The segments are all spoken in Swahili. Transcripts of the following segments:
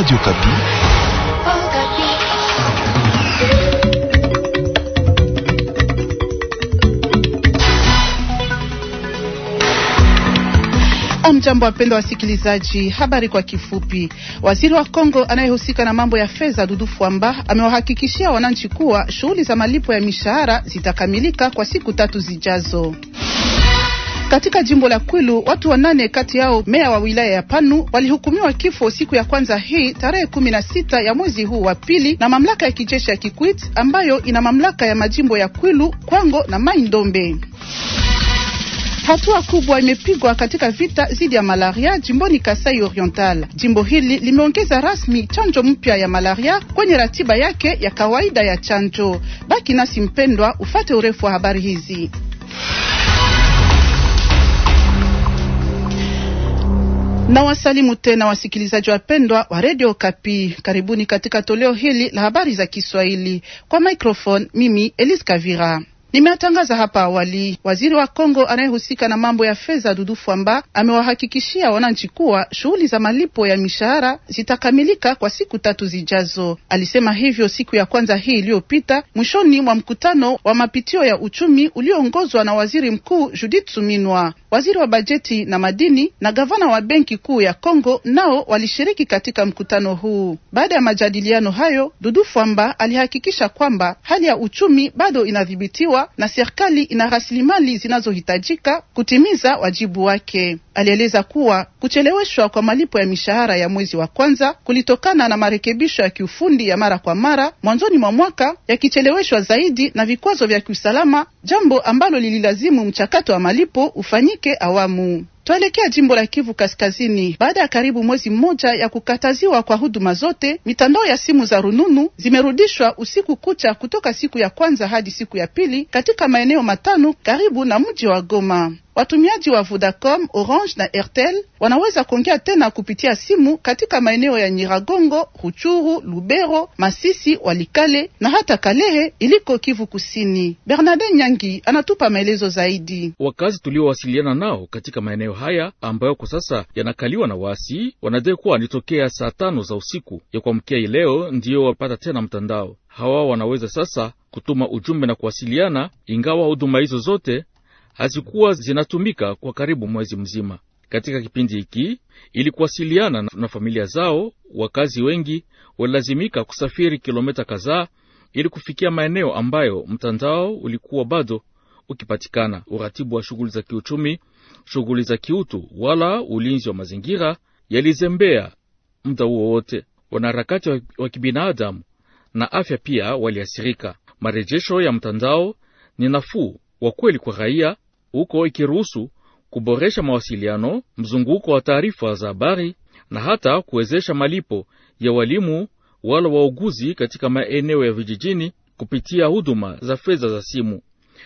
Radio Kapi. Mjambo, wapendwa wasikilizaji, habari kwa kifupi. Waziri wa Kongo anayehusika na mambo ya fedha Dudu Fwamba amewahakikishia wananchi kuwa shughuli za malipo ya mishahara zitakamilika kwa siku tatu zijazo. Katika jimbo la Kwilu watu wanane kati yao meya wa wilaya ya Panu walihukumiwa kifo siku ya kwanza hii tarehe kumi na sita ya mwezi huu wa pili na mamlaka ya kijeshi ya Kikwit ambayo ina mamlaka ya majimbo ya Kwilu, Kwango na Mai Ndombe. Hatua kubwa imepigwa katika vita dhidi ya malaria jimboni Kasai Oriental. Jimbo hili limeongeza rasmi chanjo mpya ya malaria kwenye ratiba yake ya kawaida ya chanjo. Baki nasi mpendwa, ufate urefu wa habari hizi. Na wasalimu tena wasikilizaji wapendwa wa redio Kapi, karibuni katika toleo hili la habari za Kiswahili. Kwa microphone mimi Elise Kavira. Nimewatangaza hapa awali, waziri wa Kongo anayehusika na mambo ya fedha Dudu Fwamba amewahakikishia wananchi kuwa shughuli za malipo ya mishahara zitakamilika kwa siku tatu zijazo. Alisema hivyo siku ya kwanza hii iliyopita mwishoni mwa mkutano wa mapitio ya uchumi ulioongozwa na waziri mkuu Judith Suminwa waziri wa bajeti na madini na gavana wa benki kuu ya Kongo nao walishiriki katika mkutano huu. Baada ya majadiliano hayo, Dudu Fwamba alihakikisha kwamba hali ya uchumi bado inadhibitiwa na serikali ina rasilimali zinazohitajika kutimiza wajibu wake. Alieleza kuwa kucheleweshwa kwa malipo ya mishahara ya mwezi wa kwanza kulitokana na marekebisho ya kiufundi ya mara kwa mara mwanzoni mwa mwaka, yakicheleweshwa zaidi na vikwazo vya kiusalama, jambo ambalo lililazimu mchakato wa malipo ufanyike katika awamu Tuelekea jimbo la Kivu Kaskazini. Baada ya karibu mwezi mmoja ya kukataziwa kwa huduma zote, mitandao ya simu za rununu zimerudishwa usiku kucha kutoka siku ya kwanza hadi siku ya pili katika maeneo matano karibu na mji wa Goma. Watumiaji wa Vodacom, Orange na Airtel wanaweza kuongea tena kupitia simu katika maeneo ya Nyiragongo, Ruchuru, Lubero, Masisi, Walikale na hata Kalehe iliko Kivu Kusini. bernarde Nyangi anatupa maelezo zaidi. Wakazi tuliowasiliana nao katika maeneo haya ambayo kwa sasa yanakaliwa na waasi wanadai kuwa nitokea saa tano za usiku ya kuamkia leo ndiyo wapata tena mtandao. Hawa wanaweza sasa kutuma ujumbe na kuwasiliana, ingawa huduma hizo zote hazikuwa zinatumika kwa karibu mwezi mzima. Katika kipindi hiki ili kuwasiliana na familia zao, wakazi wengi walilazimika kusafiri kilomita kadhaa ili kufikia maeneo ambayo mtandao ulikuwa bado ukipatikana. Uratibu wa shughuli za kiuchumi, shughuli za kiutu, wala ulinzi wa mazingira yalizembea muda huo wote. Wanaharakati wa kibinadamu na afya pia waliathirika. Marejesho ya mtandao ni nafuu wa kweli kwa raia, huko ikiruhusu kuboresha mawasiliano, mzunguko wa taarifa za habari na hata kuwezesha malipo ya walimu wala wauguzi katika maeneo ya vijijini kupitia huduma za fedha za simu.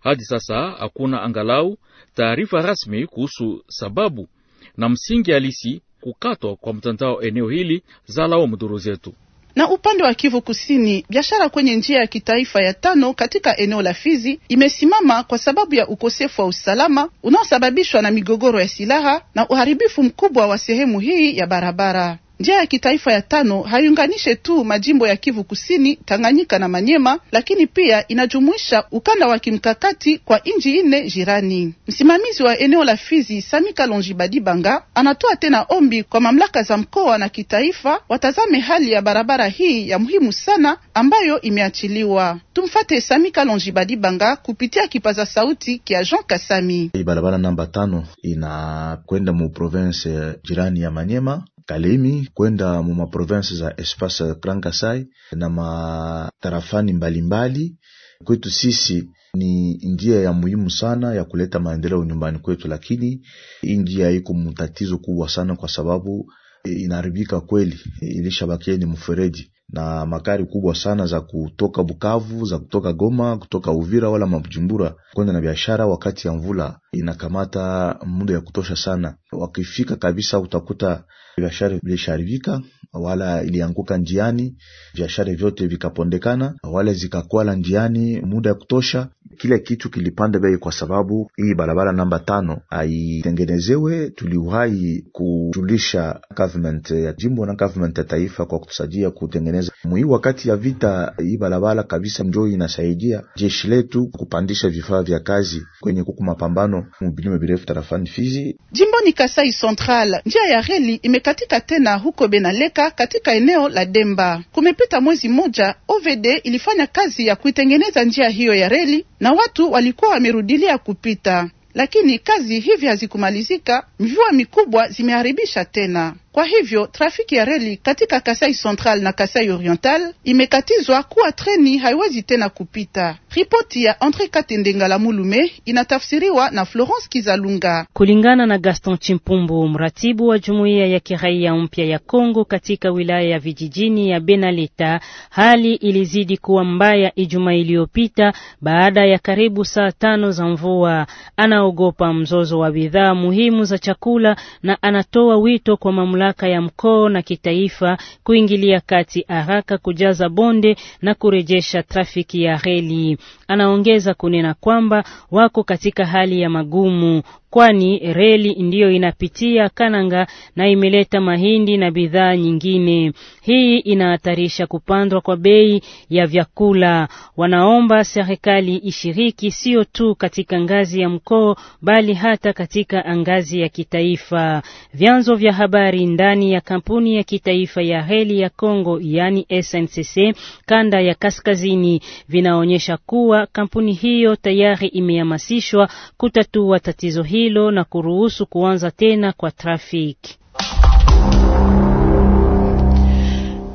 Hadi sasa hakuna angalau taarifa rasmi kuhusu sababu na msingi halisi kukatwa kwa mtandao eneo hili za lao mduru zetu. Na upande wa Kivu Kusini, biashara kwenye njia ya kitaifa ya tano katika eneo la Fizi imesimama kwa sababu ya ukosefu wa usalama unaosababishwa na migogoro ya silaha na uharibifu mkubwa wa sehemu hii ya barabara. Njia ya kitaifa ya tano haiunganishe tu majimbo ya Kivu Kusini, Tanganyika na Manyema, lakini pia inajumuisha ukanda wa kimkakati kwa nchi nne jirani. Msimamizi wa eneo la Fizi, samika Kalonji Badibanga, anatoa tena ombi kwa mamlaka za mkoa na kitaifa watazame hali ya barabara hii ya muhimu sana ambayo imeachiliwa. Tumfate samika Kalonji Badibanga kupitia kipaza sauti kia Jean Kasami. Barabara namba tano inakwenda mu province jirani ya Manyema Kalemi kwenda mu maprovince za espace Grand Kasai na matarafani mbalimbali. Kwetu sisi ni njia ya muhimu sana ya kuleta maendeleo nyumbani kwetu, lakini hii njia iko mtatizo kubwa sana, kwa sababu eh, inaharibika kweli, eh, ilishabakia ni mfereji na makari kubwa sana za kutoka Bukavu, za kutoka Goma, kutoka Uvira wala Mabujumbura kwenda na biashara. Wakati ya mvula inakamata muda ya kutosha sana, wakifika kabisa utakuta biashara vilisharibika wala ilianguka njiani, biashara vyote vikapondekana wala zikakwala njiani muda ya kutosha kila kitu kilipanda bei kwa sababu hii barabara namba tano aitengenezewe. Tuliuhai kujulisha government ya jimbo na government ya taifa kwa kutusajia kutengeneza mwi wakati ya vita. Hii barabara kabisa njo inasaidia jeshi letu kupandisha vifaa vya kazi kwenye kuku mapambano mbilima birefu tarafani Fizi. Jimbo ni Kasai Central, njia ya reli imekatika tena huko Benaleka katika eneo la Demba. Kumepita mwezi mmoja, OVD ilifanya kazi ya kuitengeneza njia hiyo ya reli na watu walikuwa wamerudilia kupita, lakini kazi hivi hazikumalizika. Mvua mikubwa zimeharibisha tena kwa hivyo trafiki ya reli katika Kasai Central na Kasai Oriental imekatizwa kuwa treni haiwezi tena kupita. Ripoti ya Andre la Mulume inatafsiriwa na Florence Kizalunga. Kulingana na Gaston Chimpumbu, mratibu wa jumuiya ya kiraia mpya ya Kongo katika wilaya ya vijijini ya Benalita, hali ilizidi kuwa mbaya Ijumaa iliyopita baada ya karibu saa tano za mvua. Anaogopa mzozo wa bidhaa muhimu za chakula na anatoa wito kwa mamlaka mamlaka ya mkoa na kitaifa kuingilia kati haraka kujaza bonde na kurejesha trafiki ya reli. Anaongeza kunena kwamba wako katika hali ya magumu kwani reli ndiyo inapitia Kananga na imeleta mahindi na bidhaa nyingine. Hii inahatarisha kupandwa kwa bei ya vyakula. Wanaomba serikali ishiriki sio tu katika ngazi ya mkoa bali hata katika ngazi ya kitaifa. Vyanzo vya habari ndani ya kampuni ya kitaifa ya reli ya Kongo yani SNCC kanda ya kaskazini vinaonyesha kuwa kampuni hiyo tayari imehamasishwa kutatua tatizo hili hilo na kuruhusu kuanza tena kwa trafiki.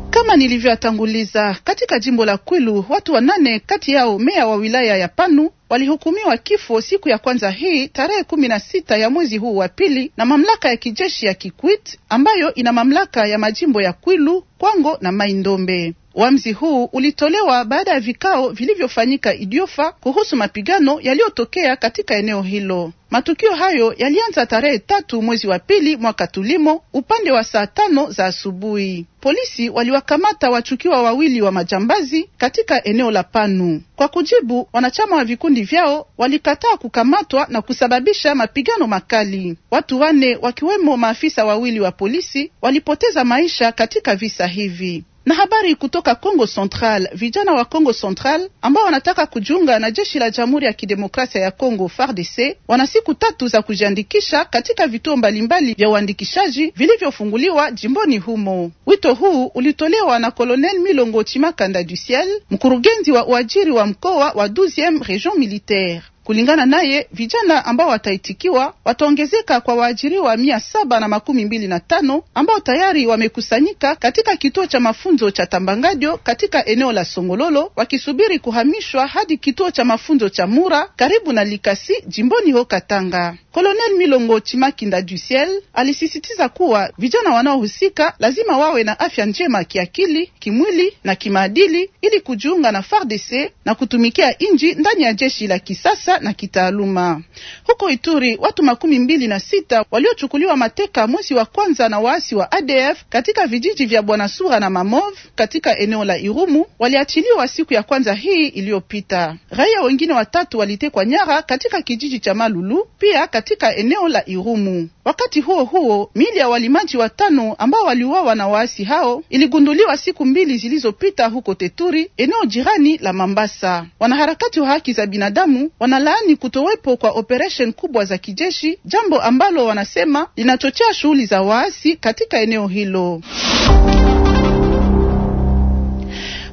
Kama nilivyoatanguliza, katika jimbo la Kwilu watu wanane kati yao meya wa wilaya ya Panu walihukumiwa kifo siku ya kwanza hii tarehe kumi na sita ya mwezi huu wa pili na mamlaka ya kijeshi ya Kikwit ambayo ina mamlaka ya majimbo ya Kwilu, Kwango na maindombe ndombe Uamuzi huu ulitolewa baada ya vikao vilivyofanyika Idiofa kuhusu mapigano yaliyotokea katika eneo hilo. Matukio hayo yalianza tarehe tatu mwezi wa pili mwaka tulimo upande wa saa tano za asubuhi. Polisi waliwakamata wachukiwa wawili wa majambazi katika eneo la Panu. Kwa kujibu, wanachama wa vikundi vyao walikataa kukamatwa na kusababisha mapigano makali. Watu wane wakiwemo maafisa wawili wa polisi walipoteza maisha katika visa hivi. Na habari kutoka Kongo Central, vijana wa Kongo Central ambao wanataka kujiunga na jeshi la Jamhuri ya Kidemokrasia ya Kongo FARDC wana siku tatu za kujiandikisha katika vituo mbalimbali vya uandikishaji vilivyofunguliwa jimboni humo. Wito huu ulitolewa na Colonel Milongo Chimakanda du Ciel, mkurugenzi wa uajiri wa mkoa wa 12e Region Militaire. Kulingana naye, vijana ambao wataitikiwa wataongezeka kwa waajiriwa mia saba na makumi mbili na tano ambao tayari wamekusanyika katika kituo cha mafunzo cha tambangadyo katika eneo la Songololo wakisubiri kuhamishwa hadi kituo cha mafunzo cha Mura karibu na Likasi jimboni ho Katanga. Colonel Milongo Chimakinda du alisisitiza kuwa vijana wanaohusika lazima wawe na afya njema kiakili, kimwili na kimaadili ili kujiunga na FARDC na kutumikia nji ndani ya jeshi la kisasa na kitaaluma. Huko Ituri, watu makumi mbili na sita waliochukuliwa mateka mwezi wa kwanza na waasi wa ADF katika vijiji vya Bwana Sura na Mamov katika eneo la Irumu waliachiliwa siku ya kwanza hii iliyopita. Raia wengine watatu walitekwa nyara katika kijiji cha Malulu pia katika eneo la Irumu. Wakati huo huo, miili ya walimaji watano ambao waliuawa na waasi hao iligunduliwa siku mbili zilizopita huko Teturi, eneo jirani la Mambasa. Wanaharakati wa haki za binadamu wana wanalaani kutowepo kwa operation kubwa za kijeshi, jambo ambalo wanasema linachochea shughuli za waasi katika eneo hilo.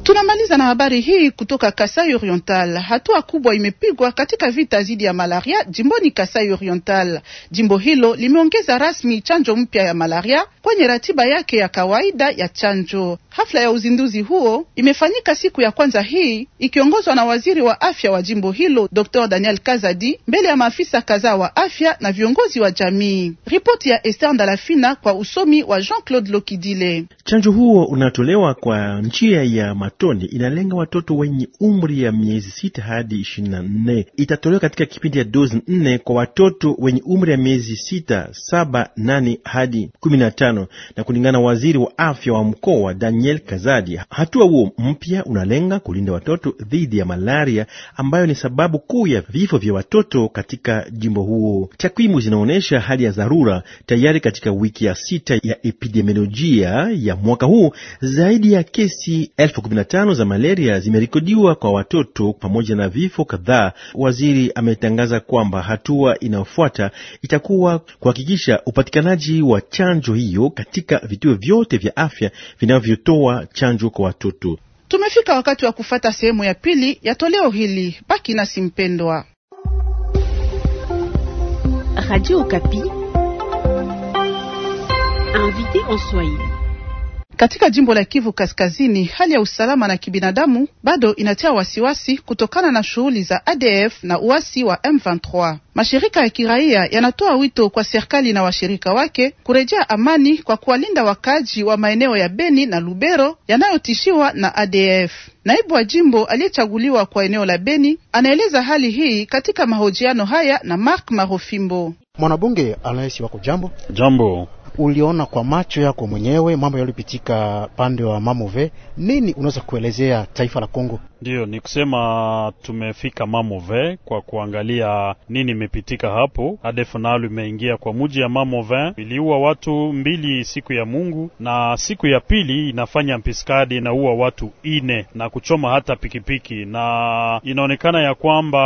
Tunamaliza na habari hii kutoka Kasai Oriental. Hatua kubwa imepigwa katika vita dhidi ya malaria jimboni Kasai Oriental. Jimbo hilo limeongeza rasmi chanjo mpya ya malaria kwenye ratiba yake ya kawaida ya chanjo. Hafla ya uzinduzi huo imefanyika siku ya kwanza hii ikiongozwa na waziri wa afya wa jimbo hilo Dr. Daniel Kazadi mbele ya maafisa kadhaa wa afya na viongozi wa jamii. Ripoti ya Esther Ndalafina kwa usomi wa Jean-Claude Lokidile. Chanjo huo unatolewa kwa njia ya matone, inalenga watoto wenye umri ya miezi sita hadi ishirini na nne. Itatolewa katika kipindi ya dozi nne kwa watoto wenye umri ya miezi sita, saba, nane hadi kumi na tano na kulingana na waziri wa afya wa mkoa Daniel Daniel Kazadi. Hatua huo mpya unalenga kulinda watoto dhidi ya malaria ambayo ni sababu kuu ya vifo vya watoto katika jimbo huo. Takwimu zinaonyesha hali ya dharura tayari katika wiki ya sita ya epidemiolojia ya mwaka huu, zaidi ya kesi elfu kumi na tano za malaria zimerekodiwa kwa watoto pamoja na vifo kadhaa. Waziri ametangaza kwamba hatua inayofuata itakuwa kuhakikisha upatikanaji wa chanjo hiyo katika vituo vyote vya afya vinavyotoa kutoa chanjo kwa watoto. Tumefika wakati wa kufata sehemu ya pili ya toleo hili. Baki nasi mpendwa. Radio Okapi, invité en Swahili. Katika jimbo la Kivu Kaskazini, hali ya usalama na kibinadamu bado inatia wasiwasi kutokana na shughuli za ADF na uasi wa M23. Mashirika ya kiraia yanatoa wito kwa serikali na washirika wake kurejea amani kwa kuwalinda wakaaji wa maeneo ya Beni na Lubero yanayotishiwa na ADF. Naibu wa jimbo aliyechaguliwa kwa eneo la Beni anaeleza hali hii katika mahojiano haya na Mark Marofimbo. Mwanabunge anayesiwa jambo jambo uliona kwa macho yako mwenyewe mambo yaliyopitika pande wa Mamuve, nini unaweza kuelezea taifa la Kongo Ndiyo, ni kusema tumefika Mamove kwa kuangalia nini imepitika hapo. adf imeingia kwa muji ya Mamove, iliua watu mbili siku ya Mungu na siku ya pili inafanya mpiskadi inaua watu ine na kuchoma hata pikipiki, na inaonekana ya kwamba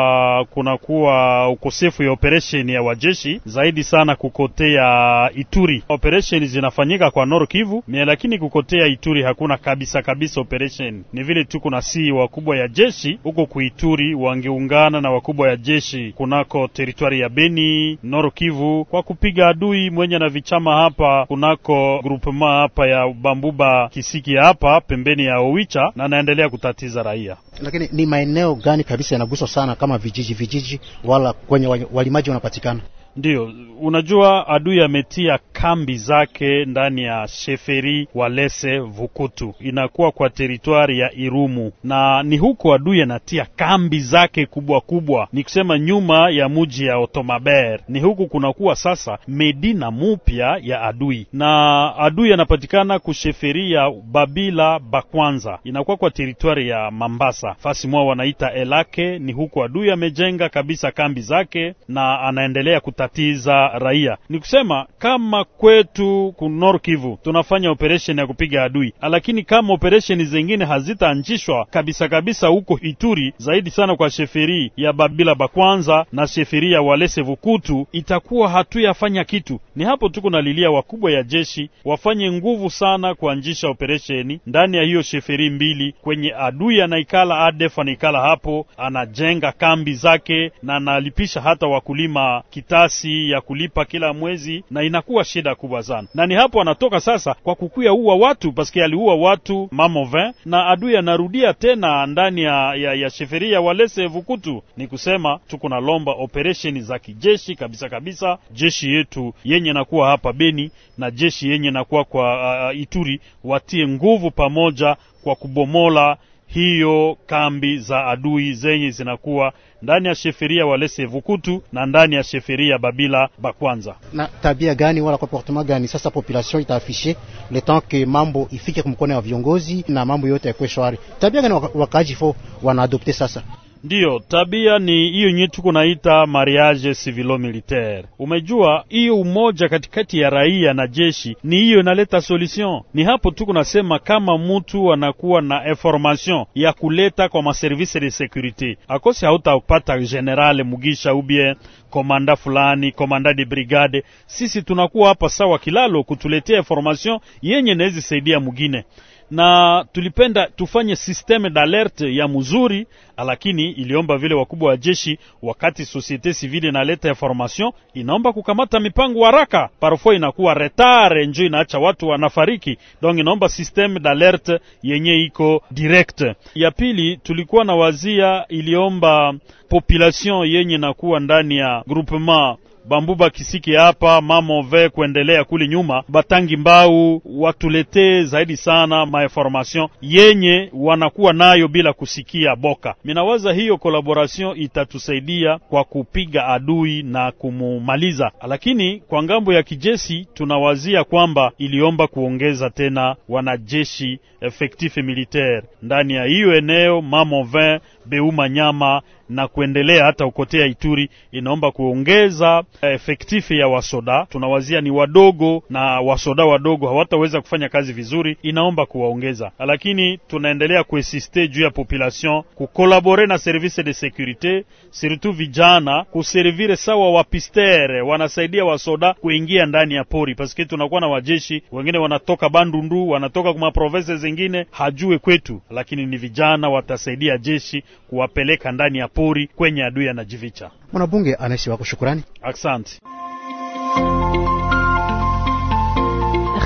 kunakuwa ukosefu ya operation ya wajeshi zaidi sana kukotea Ituri. Operation zinafanyika kwa Nord Kivu mie, lakini kukotea Ituri hakuna kabisa kabisa operation, ni vile tu kuna si wakubwa ya jeshi huko Kuituri wangeungana na wakubwa ya jeshi kunako teritwari ya Beni Nord Kivu kwa kupiga adui mwenye na vichama hapa kunako grupema hapa ya Bambuba Kisiki hapa pembeni ya Owicha na anaendelea kutatiza raia. Lakini ni maeneo gani kabisa yanaguswa sana kama vijiji vijiji, wala kwenye walimaji wanapatikana? Ndiyo, unajua adui ametia kambi zake ndani ya Sheferi, Walese, Vukutu, inakuwa kwa teritwari ya Irumu, na ni huko adui anatia kambi zake kubwa kubwa, ni kusema nyuma ya muji ya Otomaber. Ni huku kunakuwa sasa medina mupya ya adui, na adui anapatikana kusheferi ya Babila Bakwanza, inakuwa kwa teritwari ya Mambasa, fasi mwao wanaita Elake. Ni huku adui amejenga kabisa kambi zake na anaendelea kuta kutatiza raia. Ni kusema kama kwetu ku Nord Kivu tunafanya operation ya kupiga adui, lakini kama operation zingine hazitaanzishwa kabisa kabisa huko Ituri, zaidi sana kwa sheferi ya Babila Bakwanza na sheferi ya Walese Vukutu, itakuwa hatuyafanya kitu. Ni hapo tu lilia wakubwa ya jeshi wafanye nguvu sana kuanzisha operesheni ndani ya hiyo sheferi mbili, kwenye adui anaikala, ADF anaikala hapo, anajenga kambi zake na analipisha hata wakulima kitasi kasi ya kulipa kila mwezi, na inakuwa shida kubwa sana, na ni hapo anatoka sasa kwa kukuya uwa watu paske aliua watu mamovin, na adui anarudia tena ndani ya, ya, ya sheferia Walese Vukutu. Ni kusema tuko na lomba operesheni za kijeshi kabisa kabisa, jeshi yetu yenye nakuwa hapa Beni na jeshi yenye nakuwa kwa uh, uh, Ituri watie nguvu pamoja kwa kubomola hiyo kambi za adui zenye zinakuwa ndani ya sheferia Walese Vukutu na ndani ya sheferia Babila Bakwanza. Na tabia gani wala comportement gani sasa population itaafishe le temps que mambo ifike kumkono ya viongozi na mambo yote yakwe shwari? Tabia gani wakaji fo wanaadopte sasa? Ndiyo, tabia ni hiyo yenyewe tuko naita mariage civilo militaire. Umejua hiyo umoja katikati ya raia na jeshi ni hiyo inaleta solution. Ni hapo tuko nasema kama mutu anakuwa na information ya kuleta kwa maservise de securite akosi, hautapata general Mugisha ubie komanda fulani, komanda de brigade. Sisi tunakuwa hapa sawa kilalo kutuletea information yenye nawezi saidia mugine na tulipenda tufanye systeme d'alerte ya mzuri, lakini iliomba vile wakubwa wa jeshi, wakati societe civile inaleta information, inaomba kukamata mipango haraka. Parfois inakuwa retard njo inaacha watu wanafariki, donc inaomba systeme d'alerte yenye iko direct. Ya pili tulikuwa na wazia iliomba population yenye nakuwa ndani ya groupement bambu bakisiki hapa mamove kuendelea kuli nyuma, batangi mbau watuletee zaidi sana mainformation yenye wanakuwa nayo bila kusikia boka. Minawaza hiyo kolaborasyon itatusaidia kwa kupiga adui na kumumaliza, lakini kwa ngambo ya kijeshi tunawazia kwamba iliomba kuongeza tena wanajeshi efektife militaire ndani ya hiyo eneo mamove Beuma Nyama na kuendelea hata Ukotea Ituri inaomba kuongeza efektifi ya wasoda. Tunawazia ni wadogo na wasoda wadogo hawataweza kufanya kazi vizuri, inaomba kuwaongeza, lakini tunaendelea kuesiste juu ya population kukolabore na service de securite, surtout vijana kuservire sawa wapistere, wanasaidia wasoda kuingia ndani ya pori, paske tunakuwa na wajeshi wengine wanatoka Bandundu, wanatoka kuma provinces zingine, hajue kwetu, lakini ni vijana watasaidia jeshi kuwapeleka ndani ya pori kwenye adui anajificha. Mwanabunge anaishi wako, shukurani, asante.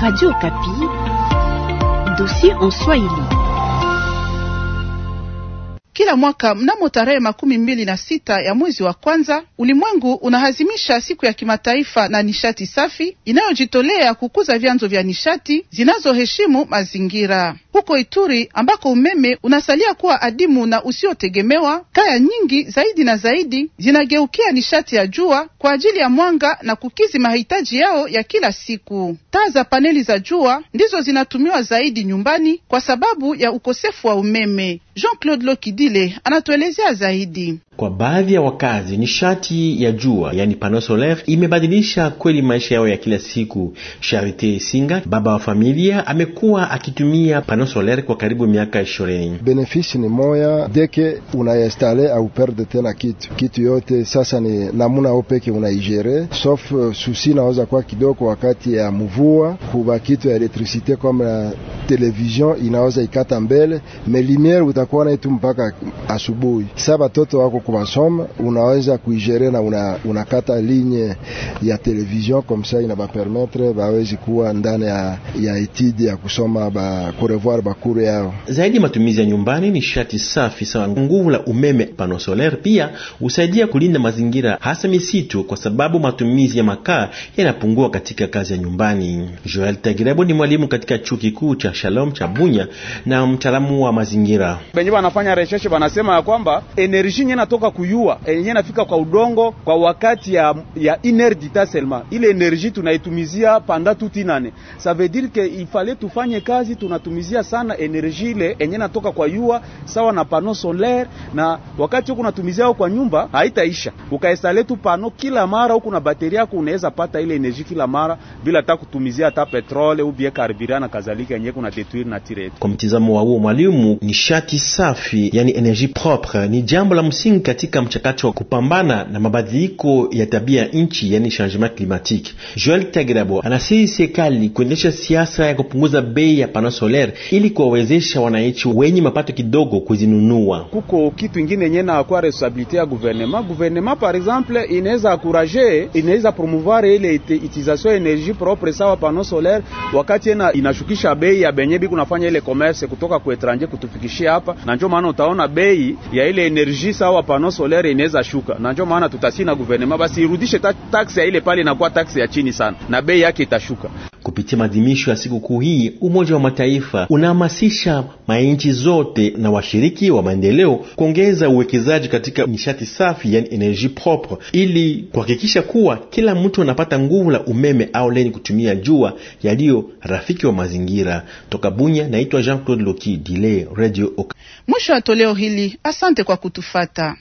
Radio Kapi, dossier en Swahili. Kila mwaka mnamo tarehe makumi mbili na sita ya mwezi wa kwanza, ulimwengu unahazimisha siku ya kimataifa na nishati safi inayojitolea kukuza vyanzo vya nishati zinazoheshimu mazingira. Huko Ituri ambako umeme unasalia kuwa adimu na usiotegemewa, kaya nyingi zaidi na zaidi zinageukia nishati ya jua kwa ajili ya mwanga na kukizi mahitaji yao ya kila siku. Taa za paneli za jua ndizo zinatumiwa zaidi nyumbani kwa sababu ya ukosefu wa umeme. Jean-Claude Lokidile anatuelezea zaidi. Kwa baadhi ya wakazi nishati ya jua yani pano solaire imebadilisha kweli maisha yao ya kila siku. Charite Singa, baba wa familia, amekuwa akitumia pano solaire kwa karibu miaka ishirini. Benefisi ni moya deke unayestale au perde tena kitu kitu yote, sasa ni namuna opeke unaijere, sof euh, susi naweza kuwa kidogo wakati ya mvua, kuba kitu ya elektrisite kama televizion inaweza ikata mbele, me lumiere utakuwa naitu mpaka asubuhi. Sa batoto wako kumasomo unaweza kuigere na una, unakata linye ya television komsa inabapermetre bawezi kuwa ndani ya, ya etidi ya kusoma ba kurevoir bakuru yao. Zaidi matumizi ya nyumbani ni shati safi sawa. Nguvu la umeme pano solar pia husaidia kulinda mazingira hasa misitu, kwa sababu matumizi ya makaa yanapungua katika kazi ya nyumbani. Joel Tagirebo ni mwalimu katika chuo kikuu cha Shalom cha Bunya na mtaalamu wa mazingira. Benye banafanya research banasema ya kwamba energy yenye tunatoka kuyua eh, yenyewe nafika kwa udongo kwa wakati ya, ya ta taselma ile enerji tunaitumizia panda tuti nane ça veut dire que il fallait tufanye kazi, tunatumizia sana enerji ile yenyewe natoka kwa yua sawa na pano solaire, na wakati huko unatumizia kwa nyumba haitaisha. Ukaestale tu pano kila mara huko na bateria yako unaweza pata ile enerji kila mara bila hata kutumizia hata petrole au bia carburant na kadhalika, yenyewe kuna detuire na tire. Kwa mtizamo wa huo mwalimu, nishati safi yani enerji propre ni jambo la msingi katika mchakato wa kupambana na mabadiliko ya tabia nchi, yani changement climatique. Joel Tagrabo anasihi serikali kuendesha siasa ya kupunguza bei ya panel solaire ili kuwawezesha wananchi wenye mapato kidogo kuzinunua. Kuko kitu ingine yenye na kwa responsabilite ya guvernema guvernema, par exemple, inaweza encourager, inaweza promouvoir ile utilisation ya energie propre sawa panel solaire, wakati ena inashukisha bei ya benye biku nafanya ile commerce kutoka kwa etranger kutufikishia hapa, na ndio maana utaona bei ya ile energie sawa pano solaire inaweza shuka, na ndio maana tutasi na guvernema basi irudishe ta taksi ya ile pale, inakuwa taksi ya chini sana na bei yake itashuka. Kupitia maadhimisho ya sikukuu hii, Umoja wa Mataifa unahamasisha mainchi zote na washiriki wa maendeleo kuongeza uwekezaji katika nishati safi, yani energie propre, ili kuhakikisha kuwa kila mtu anapata nguvu la umeme au leni kutumia jua yaliyo rafiki wa mazingira. Toka Bunya, naitwa Jean Claude Loki Dile, Radio Mwisho wa toleo hili. Asante kwa kutufata.